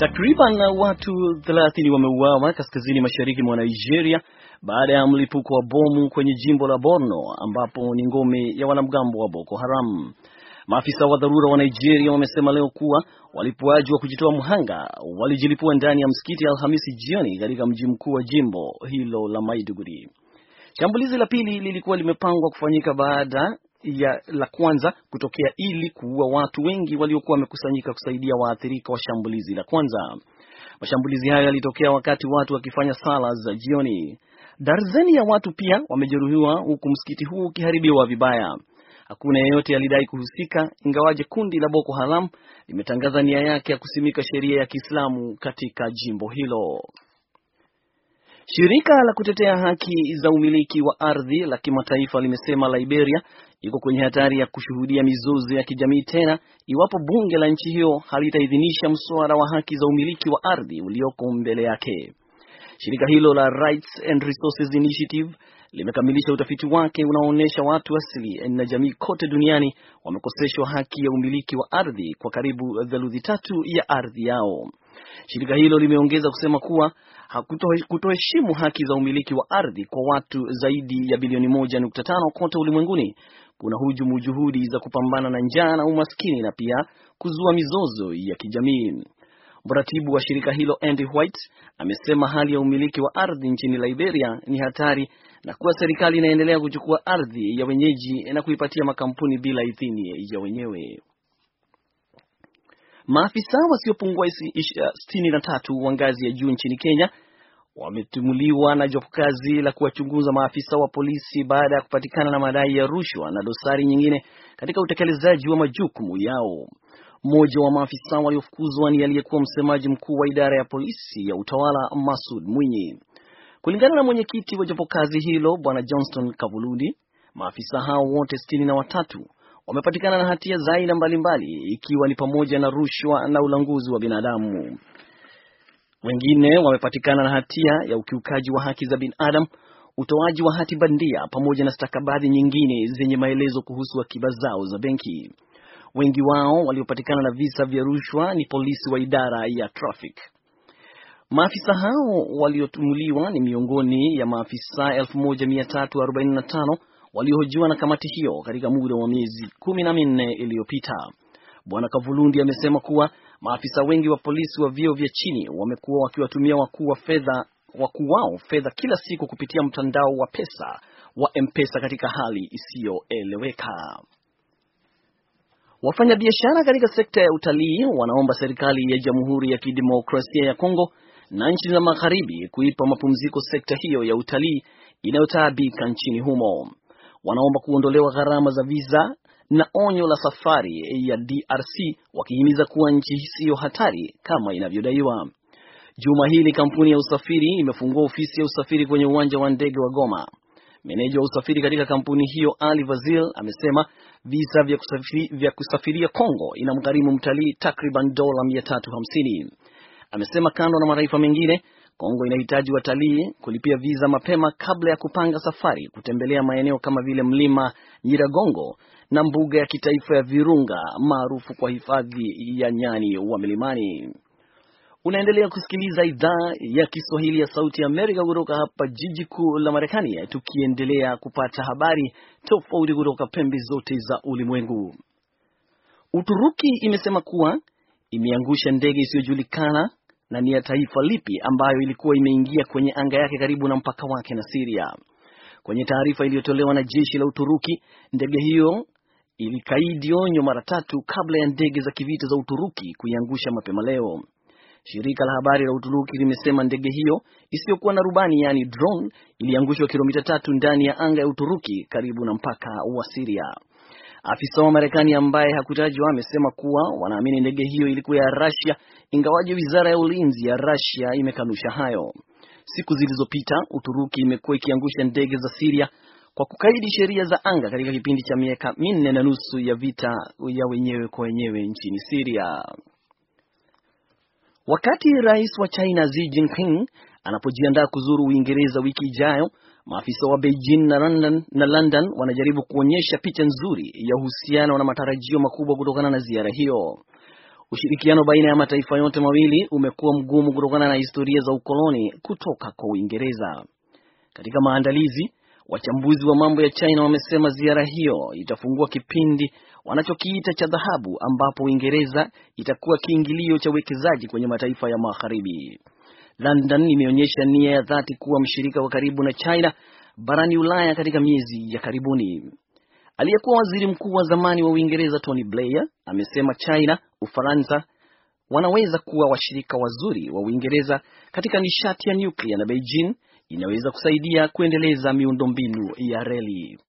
Takriban uh, watu 30 wameuawa kaskazini mashariki mwa Nigeria baada ya mlipuko wa bomu kwenye jimbo la Borno ambapo ni ngome ya wanamgambo wa Boko Haram. Maafisa wa dharura wa Nigeria wamesema leo kuwa walipuaji wa kujitoa mhanga walijilipua ndani ya msikiti Alhamisi jioni katika mji mkuu wa jimbo hilo la Maiduguri. Shambulizi la pili lilikuwa limepangwa kufanyika baada ya la kwanza kutokea ili kuua watu wengi waliokuwa wamekusanyika kusaidia waathirika wa shambulizi la kwanza. Mashambulizi hayo yalitokea wakati watu wakifanya sala za jioni. Darzeni ya watu pia wamejeruhiwa huku msikiti huu ukiharibiwa vibaya. Hakuna yeyote alidai kuhusika, ingawaje kundi la Boko Haram limetangaza nia yake ya kusimika sheria ya Kiislamu katika jimbo hilo. Shirika la kutetea haki za umiliki wa ardhi la kimataifa limesema Liberia iko kwenye hatari ya kushuhudia mizozo ya kijamii tena iwapo bunge la nchi hiyo halitaidhinisha mswada wa haki za umiliki wa ardhi ulioko mbele yake. Shirika hilo la Rights and Resources Initiative limekamilisha utafiti wake unaoonyesha watu asili na jamii kote duniani wamekoseshwa haki ya umiliki wa ardhi kwa karibu theluthi tatu ya ardhi yao. Shirika hilo limeongeza kusema kuwa kutoheshimu haki za umiliki wa ardhi kwa watu zaidi ya bilioni 1.5 kote ulimwenguni kuna hujumu juhudi za kupambana na njaa na umaskini na pia kuzua mizozo ya kijamii. Mratibu wa shirika hilo Andy White amesema hali ya umiliki wa ardhi nchini Liberia ni hatari na kuwa serikali inaendelea kuchukua ardhi ya wenyeji na kuipatia makampuni bila idhini ya wenyewe. Maafisa wasiopungua eh, tatu wa ngazi ya juu nchini Kenya wametumuliwa na jopo kazi la kuwachunguza maafisa wa polisi baada ya kupatikana na madai ya rushwa na dosari nyingine katika utekelezaji wa majukumu yao. Mmoja wa maafisa waliofukuzwa ni aliyekuwa msemaji mkuu wa idara ya polisi ya utawala Masud Mwinyi. Kulingana na mwenyekiti wa jopo kazi hilo Bwana Johnston Kavuludi, maafisa hao wote sitini na watatu wamepatikana na hatia za aina mbalimbali ikiwa ni pamoja na rushwa na ulanguzi wa binadamu. Wengine wamepatikana na hatia ya ukiukaji wa haki za binadamu, utoaji wa hati bandia pamoja na stakabadhi nyingine zenye maelezo kuhusu akiba zao za benki. Wengi wao waliopatikana na visa vya rushwa ni polisi wa idara ya traffic. Maafisa hao waliotumuliwa ni miongoni ya maafisa 1345 waliohojiwa na kamati hiyo katika muda wa miezi kumi na minne iliyopita. Bwana Kavulundi amesema kuwa maafisa wengi wa polisi wa vyeo vya chini wamekuwa wakiwatumia wakuu wa fedha wakuu wao fedha kila siku kupitia mtandao wa pesa wa M-Pesa katika hali isiyoeleweka. Wafanyabiashara katika sekta ya utalii wanaomba serikali ya Jamhuri ya Kidemokrasia ya Kongo na nchi za Magharibi kuipa mapumziko sekta hiyo ya utalii inayotaabika nchini humo wanaomba kuondolewa gharama za visa na onyo la safari ya DRC wakihimiza kuwa nchi siyo hatari kama inavyodaiwa. Juma hili kampuni ya usafiri imefungua ofisi ya usafiri kwenye uwanja wa ndege wa Goma. Meneja wa usafiri katika kampuni hiyo Ali Vazil amesema visa vya, kusafiri, vya kusafiria Kongo inamgharimu mtalii takriban dola 350. Amesema kando na mataifa mengine Kongo inahitaji watalii kulipia viza mapema kabla ya kupanga safari kutembelea maeneo kama vile mlima Nyiragongo na mbuga ya kitaifa ya Virunga maarufu kwa hifadhi ya nyani wa milimani. Unaendelea kusikiliza idhaa ya Kiswahili ya Sauti ya Amerika kutoka hapa jiji kuu la Marekani, tukiendelea kupata habari tofauti kutoka pembe zote za ulimwengu. Uturuki imesema kuwa imeangusha ndege isiyojulikana na ni ya taifa lipi ambayo ilikuwa imeingia kwenye anga yake karibu na mpaka wake na Siria. Kwenye taarifa iliyotolewa na jeshi la Uturuki, ndege hiyo ilikaidi onyo mara tatu kabla ya ndege za kivita za Uturuki kuiangusha mapema leo. Shirika la habari la Uturuki limesema ndege hiyo isiyokuwa na rubani yaani drone iliangushwa kilomita tatu ndani ya anga ya Uturuki karibu na mpaka wa Siria. Afisa wa Marekani ambaye hakutajwa amesema kuwa wanaamini ndege hiyo ilikuwa ya Russia, ingawaje wizara ya ulinzi ya Russia imekanusha hayo. Siku zilizopita, Uturuki imekuwa ikiangusha ndege za Siria kwa kukaidi sheria za anga katika kipindi cha miaka minne na nusu ya vita ya wenyewe kwa wenyewe nchini Siria. Wakati rais wa China Xi Jinping anapojiandaa kuzuru Uingereza wiki ijayo, Maafisa wa Beijing na London, na London wanajaribu kuonyesha picha nzuri ya uhusiano na matarajio makubwa kutokana na ziara hiyo. Ushirikiano baina ya mataifa yote mawili umekuwa mgumu kutokana na historia za ukoloni kutoka kwa Uingereza. Katika maandalizi, wachambuzi wa mambo ya China wamesema ziara hiyo itafungua kipindi wanachokiita cha dhahabu ambapo Uingereza itakuwa kiingilio cha uwekezaji kwenye mataifa ya Magharibi. London imeonyesha nia ya dhati kuwa mshirika wa karibu na China barani Ulaya katika miezi ya karibuni. Aliyekuwa waziri mkuu wa zamani wa Uingereza Tony Blair amesema China, Ufaransa wanaweza kuwa washirika wazuri wa Uingereza katika nishati ya nyuklia na Beijing inaweza kusaidia kuendeleza miundombinu ya reli.